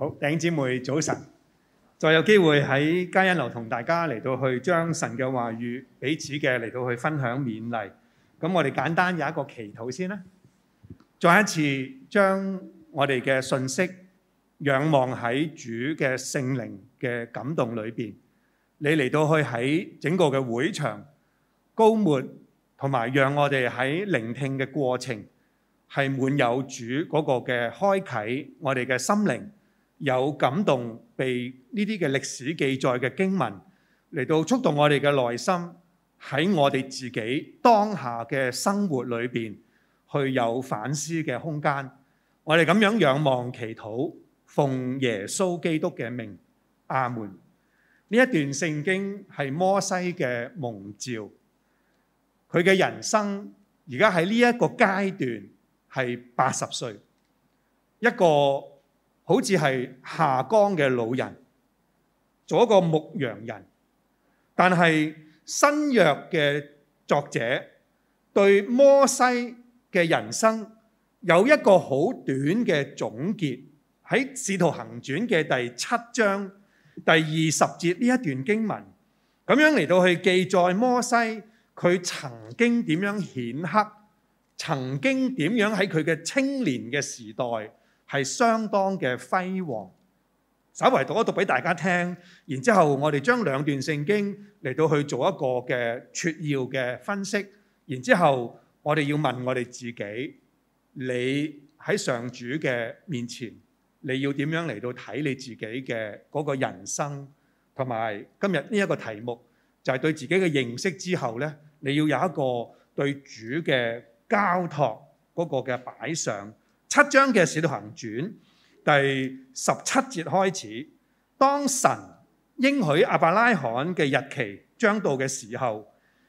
好，弟兄姊妹早晨，再有機會喺加恩樓同大家嚟到去將神嘅話語，彼此嘅嚟到去分享勉勵。咁我哋簡單有一個祈禱先啦。再一次將我哋嘅信息仰望喺主嘅聖靈嘅感動裏邊，你嚟到去喺整個嘅會場高末，同埋讓我哋喺聆聽嘅過程係滿有主嗰個嘅開啓，我哋嘅心靈。有感動，被呢啲嘅歷史記載嘅經文嚟到觸動我哋嘅內心，喺我哋自己當下嘅生活裏邊，去有反思嘅空間。我哋咁樣仰望祈禱，奉耶穌基督嘅名。阿門。呢一段聖經係摩西嘅蒙召，佢嘅人生而家喺呢一個階段係八十歲，一個。好似係下崗嘅老人，做一個牧羊人。但係新約嘅作者對摩西嘅人生有一個好短嘅總結，喺《使徒行傳》嘅第七章第二十節呢一段經文，咁樣嚟到去記載摩西佢曾經點樣顯赫，曾經點樣喺佢嘅青年嘅時代，係相當嘅輝煌，稍為讀一讀俾大家聽，然之後我哋將兩段聖經嚟到去做一個嘅撮要嘅分析，然之後我哋要問我哋自己：你喺上主嘅面前，你要點樣嚟到睇你自己嘅嗰個人生，同埋今日呢一個題目就係對自己嘅認識之後呢，你要有一個對主嘅交託嗰個嘅擺上。七章嘅《使徒行傳》第十七節開始，當神應許亞伯拉罕嘅日期將到嘅時候，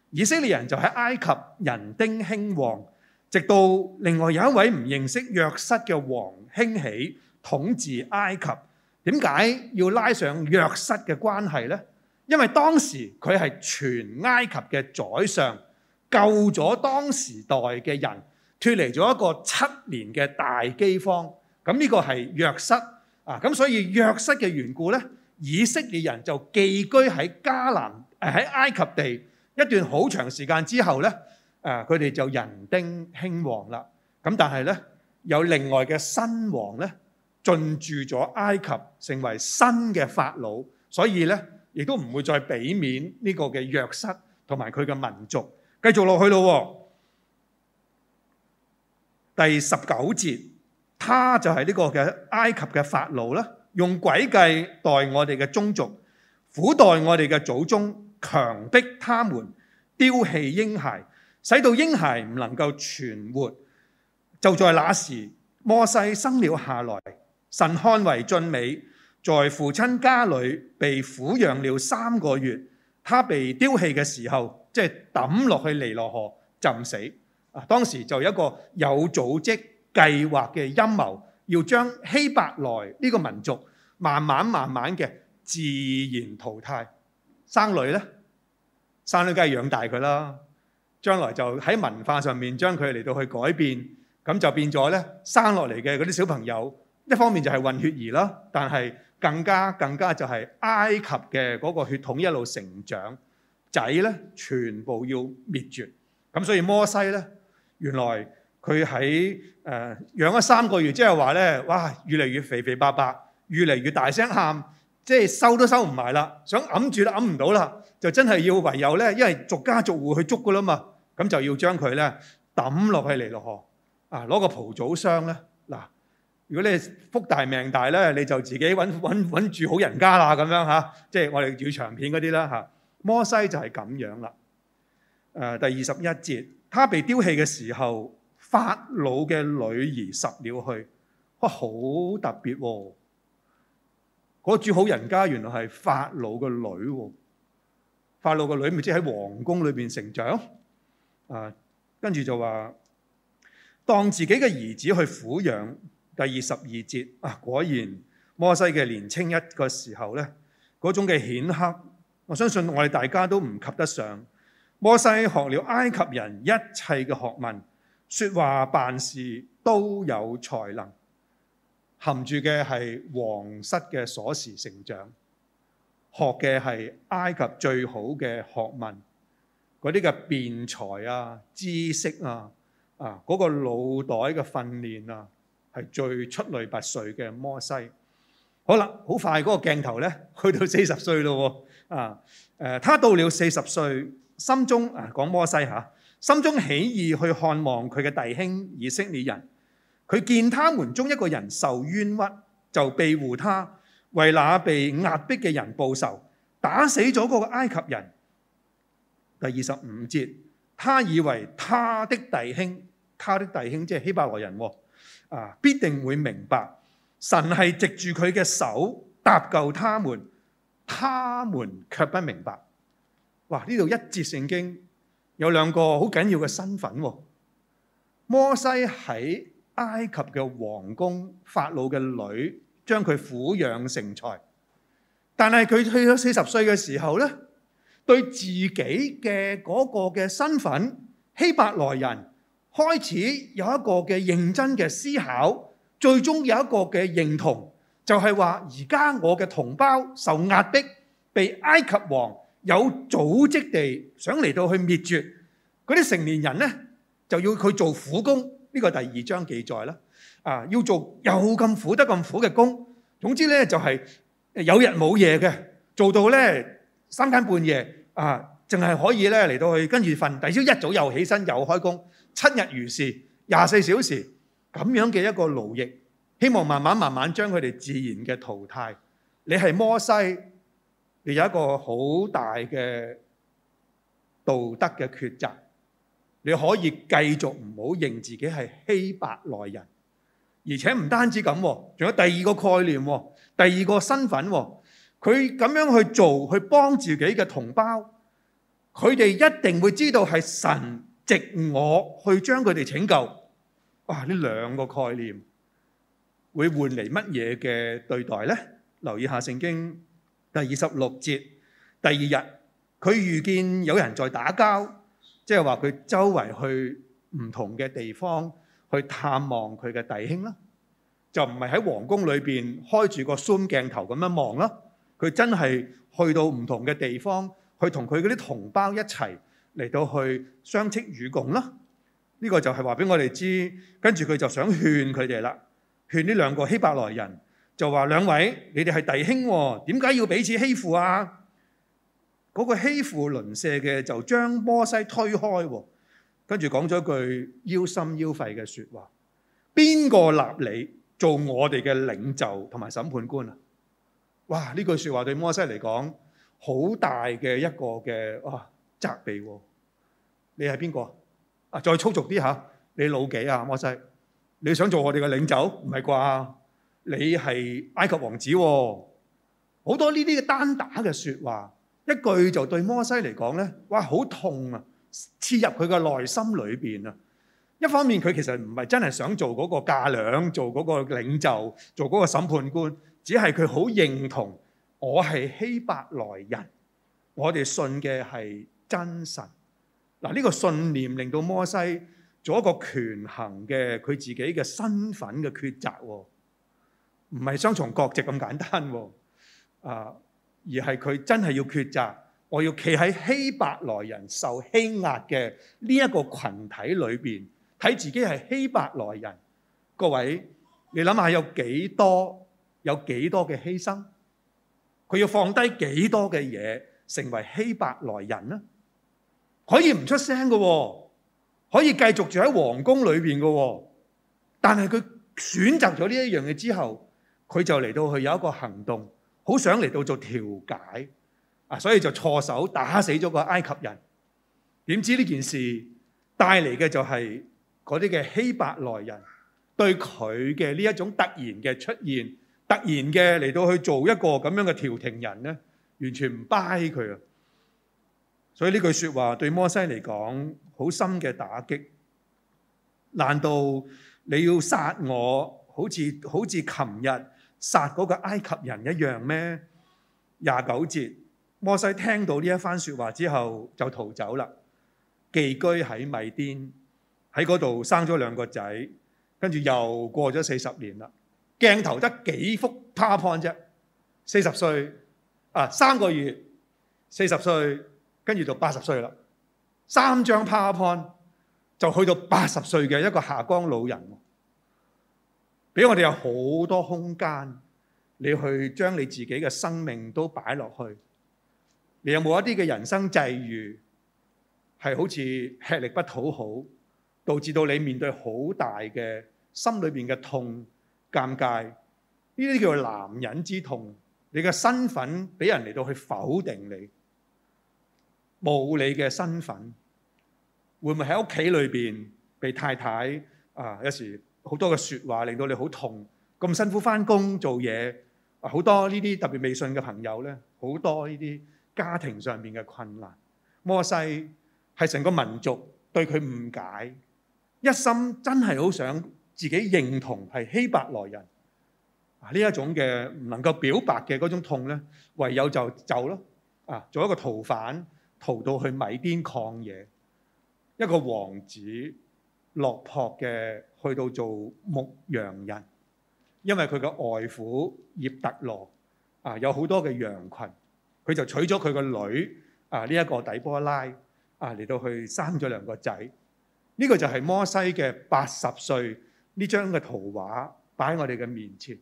以色列人就喺埃及人丁興，興旺，直到另外有一位唔認識約瑟嘅王興起統治埃及。點解要拉上約瑟嘅關係呢？因為當時佢係全埃及嘅宰相，救咗當時代嘅人。脫離咗一個七年嘅大饑荒，咁、這、呢個係約瑟。啊！咁所以約瑟嘅緣故咧，以色列人就寄居喺迦南，喺埃及地一段好長時間之後咧，誒佢哋就人丁興，興旺啦。咁但係咧，有另外嘅新王咧進駐咗埃及，成為新嘅法老，所以咧亦都唔會再避免呢個嘅約瑟同埋佢嘅民族繼續落去咯。第十九節，他就係呢個嘅埃及嘅法老啦，用詭計待我哋嘅宗族，苦待我哋嘅祖宗，強迫他們丟棄嬰孩，使到嬰孩唔能夠存活。就在那時，摩西生了下來，神看為俊美，在父親家裏被撫養了三個月。他被丟棄嘅時候，即係抌落去尼羅河浸死。啊！當時就有一個有組織計劃嘅陰謀，要將希伯來呢個民族慢慢慢慢嘅自然淘汰。生女咧，生女梗係養大佢啦。將來就喺文化上面將佢嚟到去改變，咁就變咗咧生落嚟嘅嗰啲小朋友，一方面就係混血兒啦，但係更加更加就係埃及嘅嗰個血統一路成長仔咧，全部要滅絕。咁所以摩西咧～原來佢喺誒養咗三個月，即係話咧，哇，越嚟越肥肥白白，越嚟越大聲喊，即係收都收唔埋啦，想揞住都揞唔到啦，就真係要唯有咧，因為逐家逐戶去捉噶啦嘛，咁就要將佢咧揼落去嚟咯，嗬？啊，攞個蒲草箱咧，嗱，如果你福大命大咧，你就自己揾揾揾住好人家啦，咁樣吓、啊，即係我哋粵語長片嗰啲啦嚇。摩西就係咁樣啦，誒、啊，第二十一節。他被丟棄嘅時候，法老嘅女兒拾了去，哇，好特別喎、啊！嗰、那個、住好人家原來係法老嘅女，法老嘅女咪即喺皇宮裏邊成長，啊，跟住就話當自己嘅兒子去撫養。第二十二節啊，果然摩西嘅年青一個時候咧，嗰種嘅顯赫，我相信我哋大家都唔及得上。摩西學了埃及人一切嘅學問，說話辦事都有才能。含住嘅係皇室嘅鎖匙，成長學嘅係埃及最好嘅學問，嗰啲嘅辯才啊、知識啊、啊嗰個腦袋嘅訓練啊，係最出類拔萃嘅摩西。好啦，好快嗰個鏡頭咧，去到四十歲咯，啊，誒、呃，他到了四十歲。心中啊，講摩西嚇、啊，心中起意去看望佢嘅弟兄以色列人。佢見他們中一個人受冤屈，就庇護他，為那被壓迫嘅人報仇，打死咗嗰個埃及人。第二十五節，他以為他的弟兄，他的弟兄即係希伯來人啊必定會明白，神係藉住佢嘅手搭救他們，他們卻不明白。哇！呢度一節聖經有兩個好緊要嘅身份哦。摩西喺埃及嘅王宮，法老嘅女將佢撫養成才。但係佢去咗四十歲嘅時候咧，對自己嘅嗰個嘅身份希伯來人開始有一個嘅認真嘅思考，最終有一個嘅認同，就係話而家我嘅同胞受壓迫，被埃及王。有組織地想嚟到去滅絕嗰啲成年人咧，就要佢做苦工，呢個第二章記載啦。啊，要做又咁苦得咁苦嘅工，總之咧就係有日冇夜嘅，做到咧三更半夜啊，淨係可以咧嚟到去跟住瞓，第二朝一早又起身又開工，七日如是，廿四小時咁樣嘅一個勞役，希望慢慢慢慢將佢哋自然嘅淘汰。你係摩西。佢有一個好大嘅道德嘅抉擇，你可以繼續唔好認自己係希伯來人，而且唔單止咁，仲有第二個概念，第二個身份。佢咁樣去做，去幫自己嘅同胞，佢哋一定會知道係神藉我去將佢哋拯救。哇！呢兩個概念會換嚟乜嘢嘅對待呢？留意下聖經。第二十六節，第二日，佢遇見有人在打交，即係話佢周圍去唔同嘅地方去探望佢嘅弟兄啦，就唔係喺皇宮裏邊開住個 zoom 鏡頭咁樣望咯，佢真係去到唔同嘅地方去同佢嗰啲同胞一齊嚟到去相戚與共咯，呢、這個就係話俾我哋知，跟住佢就想勸佢哋啦，勸呢兩個希伯來人。就話兩位，你哋係弟兄啊，點解要彼此欺負啊？嗰個欺負鄰舍嘅就將摩西推開啊，跟住講咗句腰心腰肺嘅説話：邊個立你做我哋嘅領袖同埋審判官啊？哇！呢句説話對摩西嚟講好大嘅一個嘅啊責備。你係邊個啊？再粗俗啲吓！你老幾啊，摩西？你想做我哋嘅領袖唔係啩？你係埃及王子喎、哦，好多呢啲嘅單打嘅説話，一句就對摩西嚟講咧，哇，好痛啊！刺入佢嘅內心裏邊啊！一方面佢其實唔係真係想做嗰個嫁倆，做嗰個領袖，做嗰個審判官，只係佢好認同我係希伯來人，我哋信嘅係真神。嗱、啊、呢、這個信念令到摩西做一個權衡嘅佢自己嘅身份嘅抉擇喎、哦。唔係雙重國籍咁簡單喎，啊，啊，而係佢真係要抉擇，我要企喺希伯來人受欺壓嘅呢一個群體裏邊，睇自己係希伯來人。各位，你諗下有幾多、有幾多嘅犧牲，佢要放低幾多嘅嘢，成為希伯來人呢？可以唔出聲嘅，啊，可以繼續住喺皇宮裏邊嘅，但係佢選擇咗呢一樣嘢之後。佢就嚟到去有一個行動，好想嚟到做調解啊，所以就錯手打死咗個埃及人。點知呢件事帶嚟嘅就係嗰啲嘅希伯來人對佢嘅呢一種突然嘅出現，突然嘅嚟到去做一個咁樣嘅調停人咧，完全唔 buy 佢啊！所以呢句説話對摩西嚟講好深嘅打擊。難道你要殺我？好似好似琴日殺嗰個埃及人一樣咩？廿九節，摩西聽到呢一番説話之後就逃走啦，寄居喺米甸，喺嗰度生咗兩個仔，跟住又過咗四十年啦。鏡頭得幾幅 powerpoint 啫，四十歲啊，三個月，四十歲跟住就八十歲啦，三張 powerpoint 就去到八十歲嘅一個下崗老人。俾我哋有好多空間，你去將你自己嘅生命都擺落去。你有冇一啲嘅人生際遇，係好似吃力不討好，導致到你面對好大嘅心裏面嘅痛、尷尬？呢啲叫男人之痛。你嘅身份俾人嚟到去否定你，冇你嘅身份，會唔會喺屋企裏邊被太太啊有時？好多嘅説話令到你好痛，咁辛苦返工做嘢，啊，好多呢啲特別未信嘅朋友咧，好多呢啲家庭上面嘅困難。摩西係成個民族對佢誤解，一心真係好想自己認同係希伯來人，啊，呢一種嘅唔能夠表白嘅嗰種痛咧，唯有就走咯，啊，做一個逃犯，逃到去米甸曠野，一個王子，落魄嘅去到做牧羊人，因為佢嘅外父葉特羅啊，有好多嘅羊群，佢就娶咗佢個女啊，呢一個底波拉啊嚟到去生咗兩個仔，呢個就係摩西嘅八十歲，呢張嘅圖畫擺喺我哋嘅面前，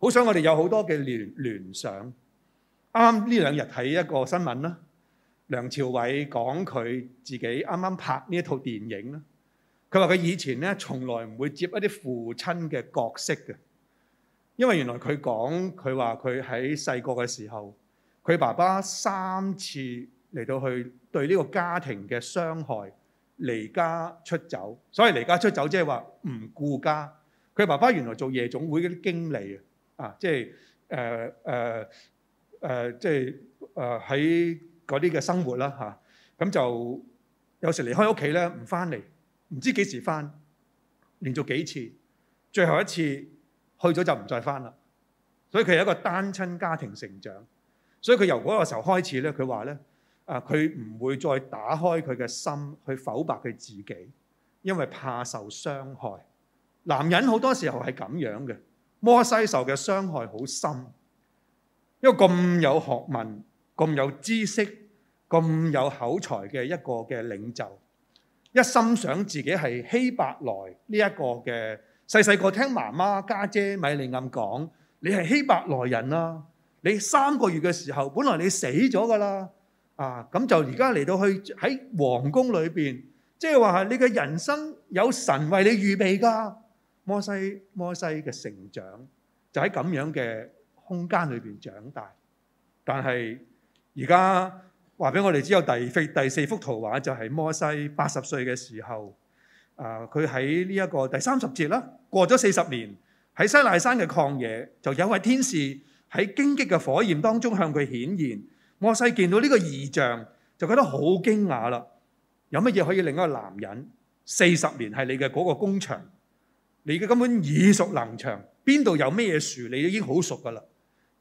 好想我哋有好多嘅聯聯想。啱啱呢兩日睇一個新聞啦，梁朝偉講佢自己啱啱拍呢一套電影啦。佢話：佢以前咧，從來唔會接一啲父親嘅角色嘅，因為原來佢講，佢話佢喺細個嘅時候，佢爸爸三次嚟到去對呢個家庭嘅傷害，離家出走。所謂離家出走即係話唔顧家。佢爸爸原來做夜總會嗰啲經理啊，即係誒誒誒，即係誒喺嗰啲嘅生活啦嚇。咁、啊、就有時離開屋企咧，唔翻嚟。唔知幾時返，連續幾次，最後一次去咗就唔再返啦。所以佢係一個單親家庭成長，所以佢由嗰個時候開始咧，佢話咧，啊，佢唔會再打開佢嘅心去剖白佢自己，因為怕受傷害。男人好多時候係咁樣嘅。摩西受嘅傷害好深，因為咁有學問、咁有知識、咁有口才嘅一個嘅領袖。一心想自己係希伯來呢一個嘅，細細個聽媽媽家姐，姐米利暗講，你係希伯來人啦、啊。你三個月嘅時候，本來你死咗噶啦。啊，咁就而家嚟到去喺皇宮裏邊，即係話係你嘅人生有神為你預備噶。摩西，摩西嘅成長就喺咁樣嘅空間裏邊長大，但係而家。話俾我哋知，有第四幅圖畫就係摩西八十歲嘅時候，啊、呃，佢喺呢一個第三十節啦，過咗四十年，喺西奈山嘅曠野，就有位天使喺荊棘嘅火焰當中向佢顯現。摩西見到呢個異象，就覺得好驚訝啦。有乜嘢可以令一個男人四十年係你嘅嗰個工場？你嘅根本耳熟能詳，邊度有咩嘢樹？你已經好熟㗎啦。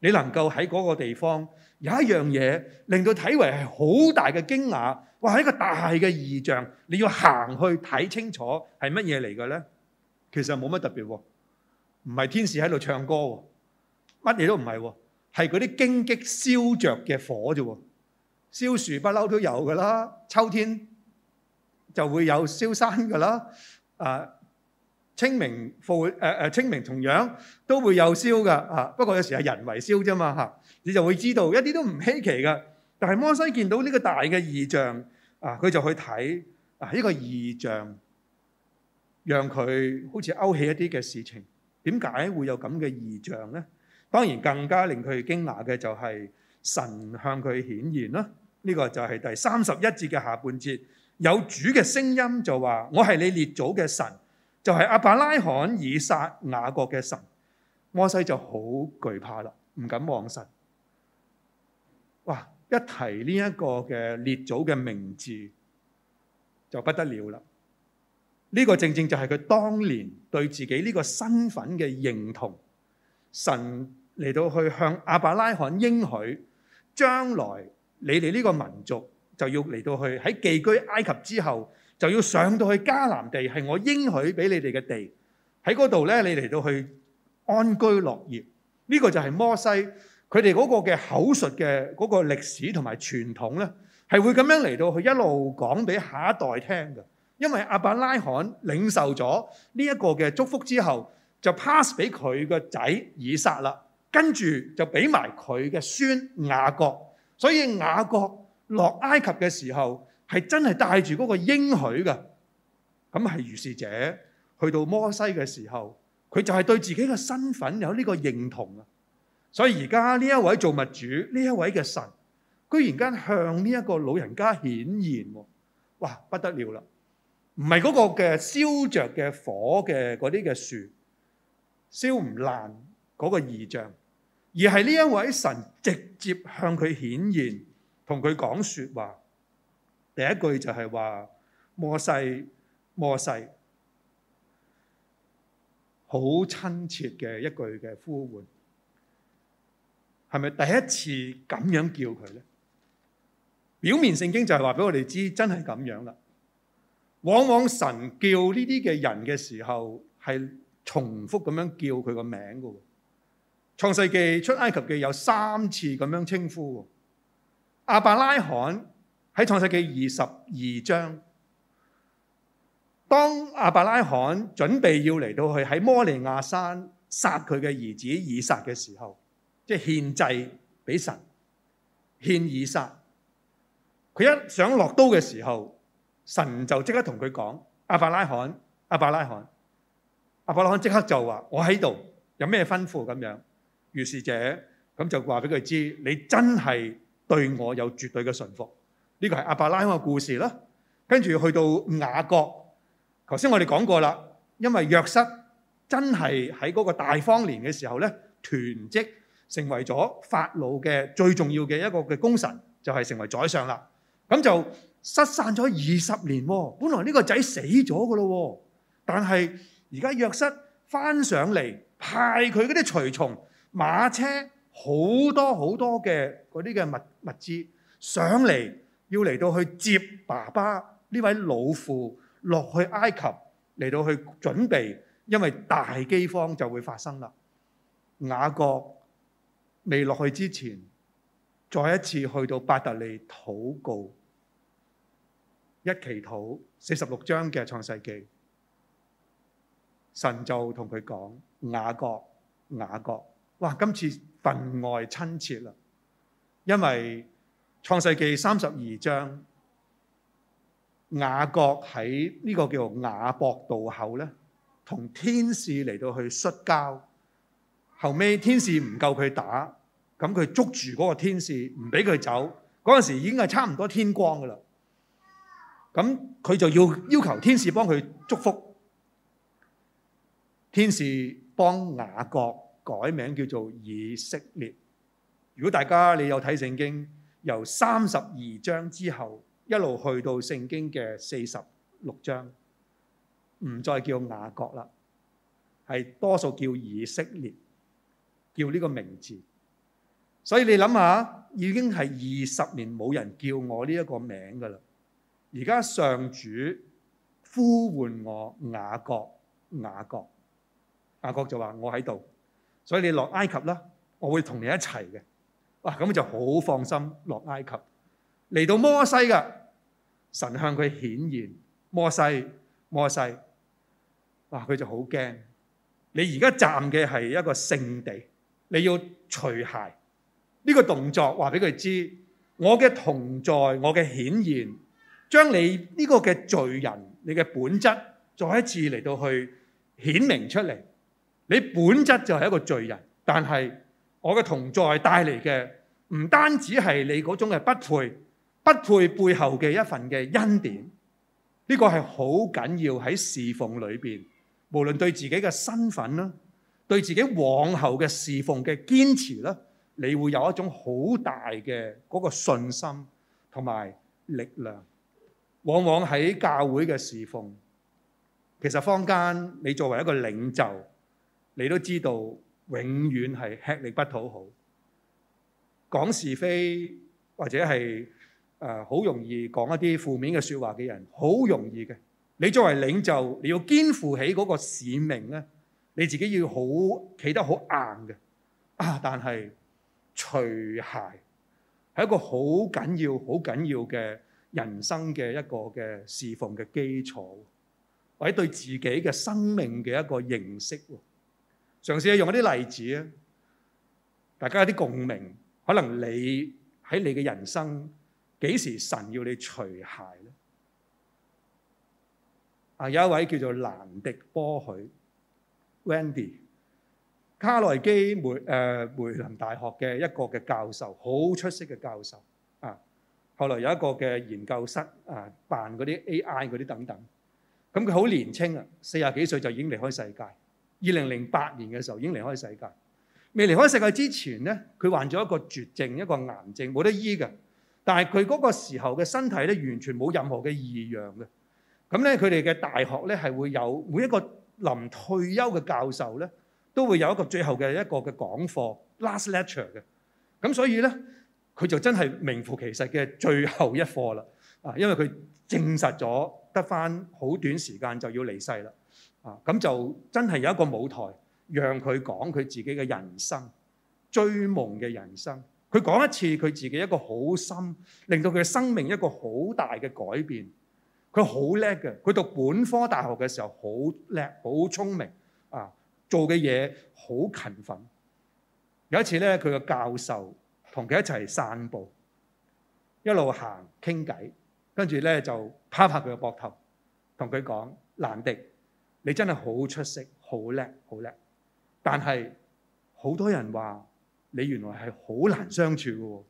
你能夠喺嗰個地方有一樣嘢令到睇為係好大嘅驚訝，哇！一個大嘅異象，你要行去睇清楚係乜嘢嚟嘅咧？其實冇乜特別喎，唔係天使喺度唱歌喎，乜嘢都唔係喎，係嗰啲荊棘燒着嘅火啫喎，燒樹不嬲都有㗎啦，秋天就會有燒山㗎啦，啊、呃！清明會，誒、誒清明同樣都會有燒嘅嚇，不過有時係人為燒啫嘛嚇，你就會知道一啲都唔稀奇嘅。但係摩西見到呢個大嘅異象啊，佢就去睇啊，呢個異象讓佢好似勾起一啲嘅事情。點解會有咁嘅異象咧？當然更加令佢驚訝嘅就係神向佢顯現啦。呢個就係第三十一節嘅下半節，有主嘅聲音就話：我係你列祖嘅神。就係阿伯拉罕、以撒、雅各嘅神，摩西就好懼怕啦，唔敢望神。哇！一提呢一個嘅列祖嘅名字，就不得了啦。呢個正正就係佢當年對自己呢個身份嘅認同。神嚟到去向阿伯拉罕應許，將來你哋呢個民族就要嚟到去喺寄居埃及之後。就要上到去迦南地，係我應許俾你哋嘅地，喺嗰度呢，你嚟到去安居樂業。呢、這個就係摩西佢哋嗰個嘅口述嘅嗰、那個歷史同埋傳統呢，係會咁樣嚟到去一路講俾下一代聽嘅。因為亞伯拉罕領受咗呢一個嘅祝福之後，就 pass 俾佢個仔以撒啦，跟住就俾埋佢嘅孫雅各。所以雅各落埃及嘅時候，係真係帶住嗰個應許嘅，咁係如是者去到摩西嘅時候，佢就係對自己嘅身份有呢個認同啊！所以而家呢一位造物主，呢一位嘅神，居然間向呢一個老人家顯現喎，哇，不得了啦！唔係嗰個嘅燒着嘅火嘅嗰啲嘅樹燒唔爛嗰個異象，而係呢一位神直接向佢顯現，同佢講説話。第一句就係話莫世，莫世」，好親切嘅一句嘅呼喚，係咪第一次咁樣叫佢咧？表面聖經就係話俾我哋知，真係咁樣啦。往往神叫呢啲嘅人嘅時候，係重複咁樣叫佢個名嘅。創世記、出埃及記有三次咁樣稱呼阿伯拉罕。喺創世記二十二章，當亞伯拉罕準備要嚟到去喺摩利亞山殺佢嘅兒子以撒嘅時候，即係獻祭俾神，獻以撒。佢一想落刀嘅時候，神就即刻同佢講：亞伯拉罕，亞伯拉罕，亞伯拉罕！即刻就話：我喺度，有咩吩咐咁樣？於是者咁就話俾佢知：你真係對我有絕對嘅信服。呢個係阿伯拉罕嘅故事啦，跟住去到雅各。頭先我哋講過啦，因為約瑟真係喺嗰個大荒年嘅時候咧，囤積成為咗法老嘅最重要嘅一個嘅功臣，就係、是、成為宰相啦。咁就失散咗二十年喎，本來呢個仔死咗㗎咯，但係而家約瑟翻上嚟，派佢嗰啲隨從、馬車好多好多嘅嗰啲嘅物物資上嚟。要嚟到去接爸爸呢位老父落去埃及，嚟到去準備，因為大饑荒就會發生啦。雅各未落去之前，再一次去到伯特利禱告，一祈禱四十六章嘅創世記，神就同佢講：雅各，雅各，哇！今次分外親切啦，因為。創世記三十二章，雅各喺呢個叫做雅博渡口咧，同天使嚟到去摔跤。後尾天使唔夠佢打，咁佢捉住嗰個天使，唔俾佢走。嗰陣時已經係差唔多天光噶啦。咁佢就要要求天使幫佢祝福。天使幫雅各改名叫做以色列。如果大家你有睇聖經。由三十二章之後一路去到聖經嘅四十六章，唔再叫雅各啦，係多數叫以色列，叫呢個名字。所以你諗下，已經係二十年冇人叫我呢一個名㗎啦。而家上主呼喚我雅各，雅各，雅各就話我喺度，所以你落埃及啦，我會同你一齊嘅。哇！咁就好放心落埃及，嚟到摩西噶神向佢顯現，摩西，摩西，哇！佢就好驚。你而家站嘅係一個聖地，你要除鞋，呢個動作，話俾佢知我嘅同在，我嘅顯現，將你呢個嘅罪人，你嘅本質，再一次嚟到去顯明出嚟。你本質就係一個罪人，但係。我嘅同在帶嚟嘅唔單止係你嗰種嘅不配，不配背後嘅一份嘅恩典，呢個係好緊要，喺侍奉裏邊，無論對自己嘅身份啦，對自己往後嘅侍奉嘅堅持啦，你會有一種好大嘅嗰個信心同埋力量。往往喺教會嘅侍奉，其實坊間你作為一個領袖，你都知道。永遠係吃力不討好，講是非或者係誒，好容易講一啲負面嘅説話嘅人，好容易嘅。你作為領袖，你要肩負起嗰個使命咧，你自己要好企得好硬嘅。啊，但係除鞋係一個好緊要、好緊要嘅人生嘅一個嘅侍奉嘅基礎，或者對自己嘅生命嘅一個認識。嘗試啊，用一啲例子啊，大家有啲共鳴。可能你喺你嘅人生幾時神要你除鞋咧？啊，有一位叫做蘭迪波許 （Wendy），卡內基梅誒梅林大學嘅一個嘅教授，好出色嘅教授啊。後來有一個嘅研究室啊，辦嗰啲 AI 嗰啲等等。咁佢好年青啊，四廿幾歲就已經離開世界。二零零八年嘅時候已經離開世界。未離開世界之前呢，佢患咗一個絕症，一個癌症，冇得醫㗎。但係佢嗰個時候嘅身體咧，完全冇任何嘅異樣嘅。咁咧，佢哋嘅大學咧係會有每一個臨退休嘅教授咧，都會有一個最後嘅一個嘅講課 （last lecture） 嘅。咁所以呢，佢就真係名副其實嘅最後一課啦。啊，因為佢證實咗得返好短時間就要離世啦。咁就真係有一個舞台，讓佢講佢自己嘅人生追夢嘅人生。佢講一次佢自己一個好深，令到佢嘅生命一個好大嘅改變。佢好叻嘅，佢讀本科大學嘅時候好叻，好聰明啊，做嘅嘢好勤奮。有一次咧，佢嘅教授同佢一齊散步，一路行傾偈，跟住咧就拍拍佢嘅膊頭，同佢講蘭迪。你真係好出色，好叻，好叻。但係好多人話你原來係好難相處嘅喎。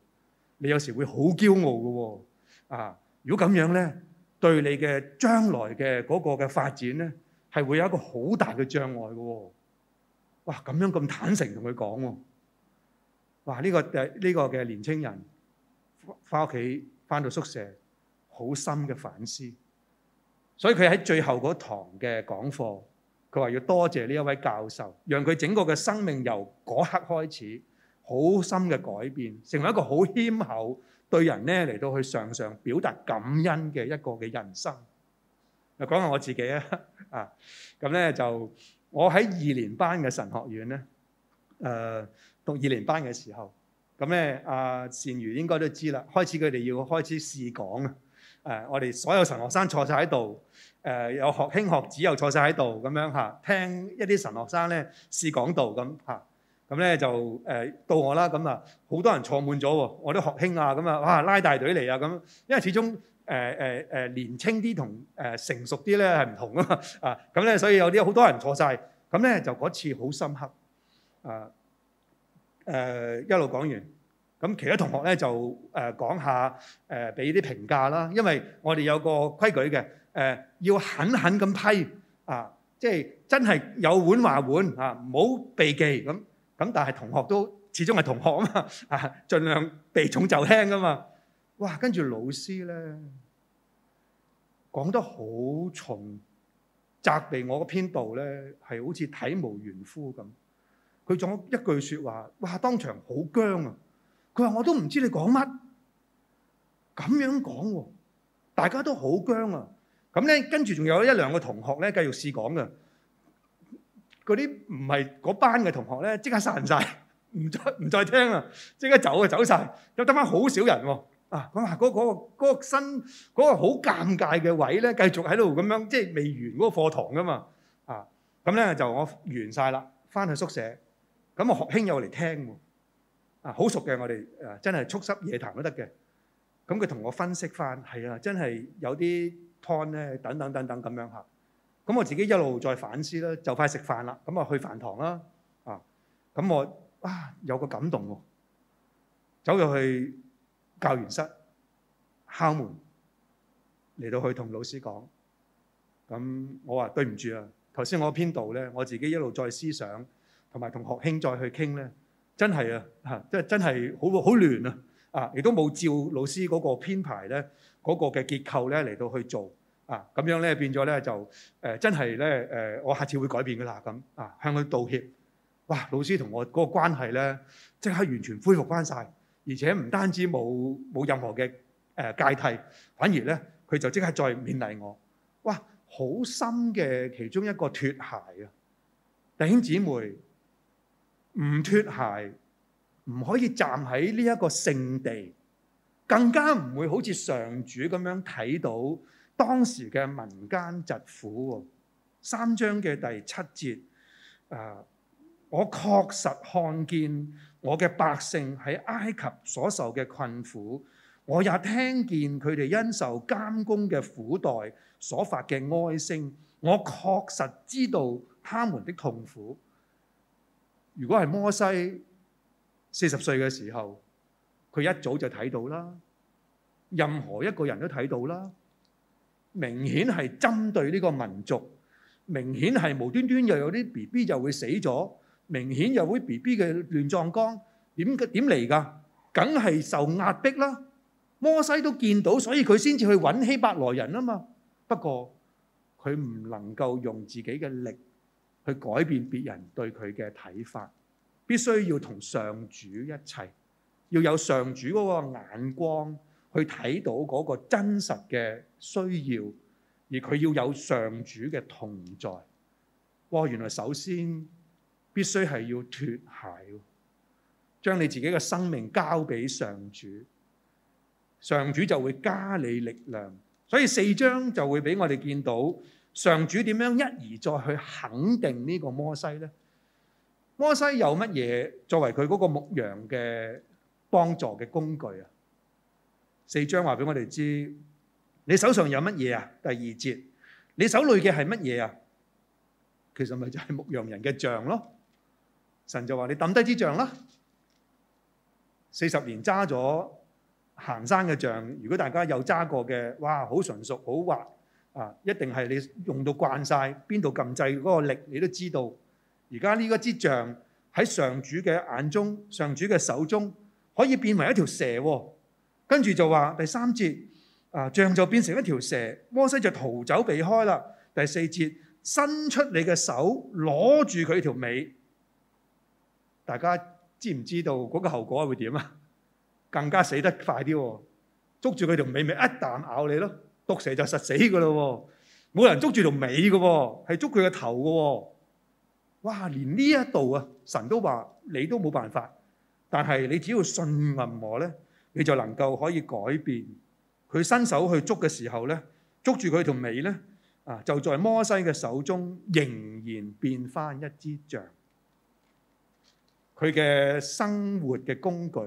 你有時會好驕傲嘅喎。啊，如果咁樣咧，對你嘅將來嘅嗰個嘅發展咧，係會有一個好大嘅障礙嘅喎。哇，咁樣咁坦誠同佢講喎。哇，呢個誒呢個嘅年青人，返屋企返到宿舍，好深嘅反思。所以佢喺最後嗰堂嘅講課，佢話要多謝呢一位教授，讓佢整個嘅生命由嗰刻開始，好深嘅改變，成為一個好謙厚對人咧嚟到去常常表達感恩嘅一個嘅人生。講下我自己啊，啊，咁、嗯、咧就我喺二年班嘅神學院咧，誒、呃、讀二年班嘅時候，咁咧阿善如應該都知啦，開始佢哋要開始試講啊。誒，我哋所有神學生坐晒喺度，誒，有學兄學姊又坐晒喺度咁樣吓，聽一啲神學生咧試講道咁吓，咁咧就誒、欸、到我啦，咁啊好多人坐滿咗喎，我啲學兄啊咁啊哇拉大隊嚟啊咁，因為始終誒誒誒年輕啲同誒成熟啲咧係唔同啊嘛，啊咁咧所以有啲好多人坐晒。咁咧就嗰次好深刻，啊誒、啊、一路講完。咁其他同學咧就誒、呃、講下誒俾啲評價啦，因為我哋有個規矩嘅誒、呃，要狠狠咁批啊，即係真係有碗話碗啊，唔好避忌咁咁。但係同學都始終係同學啊嘛，啊，儘量避重就輕噶嘛。哇，跟住老師咧講得好重，責備我個編導咧係好似體無完膚咁。佢仲一句説話，哇，當場好僵啊！佢話：我都唔知你講乜，咁樣講喎、啊，大家都好僵啊！咁咧，跟住仲有一兩個同學咧，繼續試講噶。嗰啲唔係嗰班嘅同學咧，即刻散晒，唔再唔再聽啊！即刻走啊，走晒。又得翻好少人啊，咁啊，嗰、嗰個新嗰、嗰個好、嗰個嗰個、尷尬嘅位咧，繼續喺度咁樣，即係未完嗰個課堂噶嘛。啊，咁咧就我完晒啦，翻去宿舍。咁啊，學兄又嚟聽喎。啊，好熟嘅，我哋誒、啊、真係促膝夜談都得嘅。咁佢同我分析翻，係啊，真係有啲湯咧，等等等等咁樣嚇。咁、啊、我自己一路再反思啦，就快食飯啦，咁啊去飯堂啦。啊，咁我啊，有個感動喎、啊，走咗去教員室敲門，嚟到去同老師講。咁我話對唔住啊，頭先我篇道咧，我自己一路再思想，同埋同學兄再去傾咧。真係啊，即係真係好好亂啊！啊，亦都冇照老師嗰個編排咧，嗰、嗰個嘅結構咧嚟到去做啊，咁樣咧變咗咧就誒、呃、真係咧誒，我下次會改變㗎啦咁啊，向佢道歉。哇，老師同我嗰個關係咧，即刻完全恢復翻晒，而且唔單止冇冇任何嘅誒芥蒂，反而咧佢就即刻再勉勵我。哇，好深嘅其中一個脱鞋啊！弟兄姊妹。唔脱鞋，唔可以站喺呢一個聖地，更加唔會好似上主咁樣睇到當時嘅民間疾苦。三章嘅第七節，誒、啊，我確實看見我嘅百姓喺埃及所受嘅困苦，我也聽見佢哋因受監工嘅苦待所發嘅哀聲，我確實知道他們的痛苦。如果係摩西四十歲嘅時候，佢一早就睇到啦。任何一個人都睇到啦。明顯係針對呢個民族，明顯係無端端又有啲 B B 就會死咗，明顯有啲 B B 嘅亂葬崗點點嚟㗎？梗係受壓迫啦。摩西都見到，所以佢先至去揾希伯來人啊嘛。不過佢唔能夠用自己嘅力。去改變別人對佢嘅睇法，必須要同上主一齊，要有上主嗰個眼光去睇到嗰個真實嘅需要，而佢要有上主嘅同在。哇、哦！原來首先必須係要脫鞋，將你自己嘅生命交俾上主，上主就會加你力量。所以四章就會俾我哋見到。上主點樣一而再去肯定呢個摩西咧？摩西有乜嘢作為佢嗰個牧羊嘅幫助嘅工具啊？四章話俾我哋知，你手上有乜嘢啊？第二節，你手裏嘅係乜嘢啊？其實咪就係牧羊人嘅杖咯。神就話你抌低支杖啦。四十年揸咗行山嘅杖，如果大家有揸過嘅，哇，好純熟，好滑。啊！一定係你用到慣晒邊度撳掣嗰個力，你都知道。而家呢一支杖喺上主嘅眼中、上主嘅手中，可以變為一條蛇。跟住就話第三節啊，杖就變成一條蛇，摩西就逃走避開啦。第四節，伸出你嘅手攞住佢條尾，大家知唔知道嗰個後果會點啊？更加死得快啲喎，啊！捉住佢條尾咪一啖咬你咯～捉蛇就實死噶啦，冇人捉住條尾噶，係捉佢個頭噶。哇！連呢一度啊，神都話你都冇辦法，但係你只要信任我咧，你就能夠可以改變。佢伸手去捉嘅時候咧，捉住佢條尾咧，啊，就在摩西嘅手中仍然變翻一支杖，佢嘅生活嘅工具。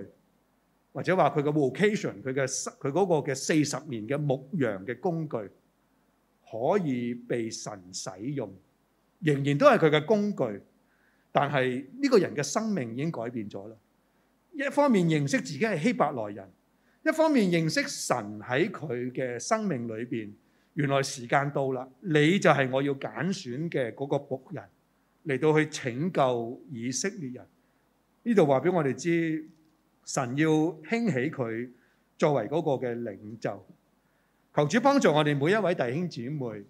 或者話佢嘅 vocation，佢嘅佢嗰個嘅四十年嘅牧羊嘅工具可以被神使用，仍然都係佢嘅工具。但係呢個人嘅生命已經改變咗啦。一方面認識自己係希伯來人，一方面認識神喺佢嘅生命裏邊。原來時間到啦，你就係我要揀選嘅嗰個僕人嚟到去拯救以色列人。呢度話俾我哋知。神要興起佢作為嗰個嘅領袖，求主幫助我哋每一位弟兄姊妹，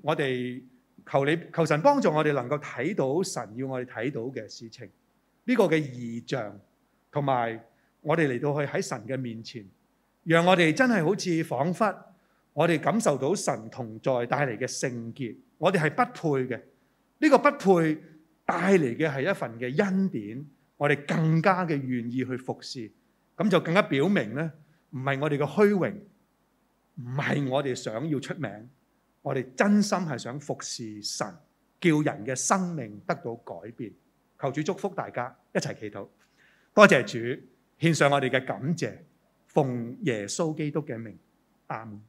我哋求你求神幫助我哋能夠睇到神要我哋睇到嘅事情，呢個嘅異象，同埋我哋嚟到去喺神嘅面前，讓我哋真係好似仿佛我哋感受到神同在帶嚟嘅聖潔，我哋係不配嘅，呢個不配帶嚟嘅係一份嘅恩典。我哋更加嘅願意去服侍，咁就更加表明咧，唔係我哋嘅虛榮，唔係我哋想要出名，我哋真心係想服侍神，叫人嘅生命得到改變。求主祝福大家，一齊祈禱。多謝主，獻上我哋嘅感謝，奉耶穌基督嘅名，阿門。